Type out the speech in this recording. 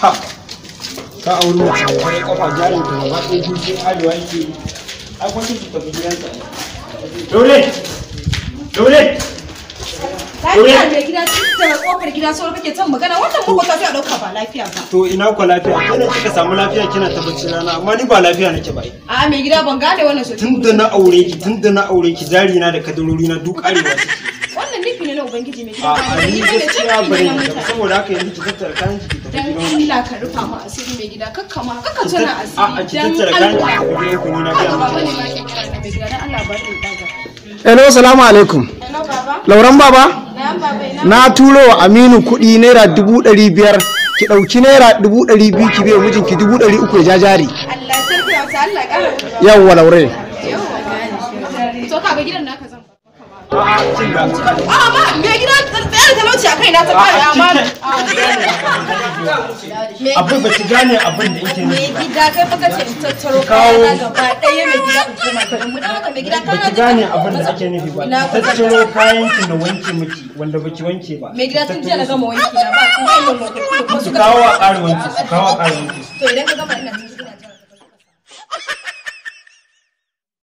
ha ka auri mace da wani kafa jarin ka gaba ɗaya jirgin arewa yake ai kwanci ki tafi gidansa dole dole lafiya mai gida kofar gida sauran kake son magana wannan makwata sai a dauka ba lafiya ba to ina ko lafiya kana kika samu lafiya kina tabbaci amma ni ba lafiya nake ba a mai gida ban gane wannan sosai tunda na aure ki tunda na aure ki jari na da kadarori na duk arewa wannan nufi ne na ubangiji mai gida a ni gaskiya saboda haka yanzu ki tattara kayan ki dan Allah ka rufa mu asiri mai gida ka Hello alaikum Hello baba Lauran baba na turo wa Aminu kuɗi naira dubu ɗari biyar ki ɗauki naira dubu ɗari biyu ki biya mijinki dubu ɗari uku ya jajari. Allah sarki wata Allah ƙara. Yawwa Yawwa. To gidan naka zan. ma. me gida tsayar talauci a kai na ta kare ma. Abin ba ki gane abin da yake nufi. Me gida kai fa kace in tattaro na gaba ɗaya me gida ku koma ka mu dan haka me gida kana ki gane abin da ake nufi ba. Tattaro kayan ki na wanke miki wanda baki wanke ba. Me gida tun jiya na gama wanki na ba. Ku kawo a ƙara wanki, kawo a ƙara wanki. To idan ka gama ina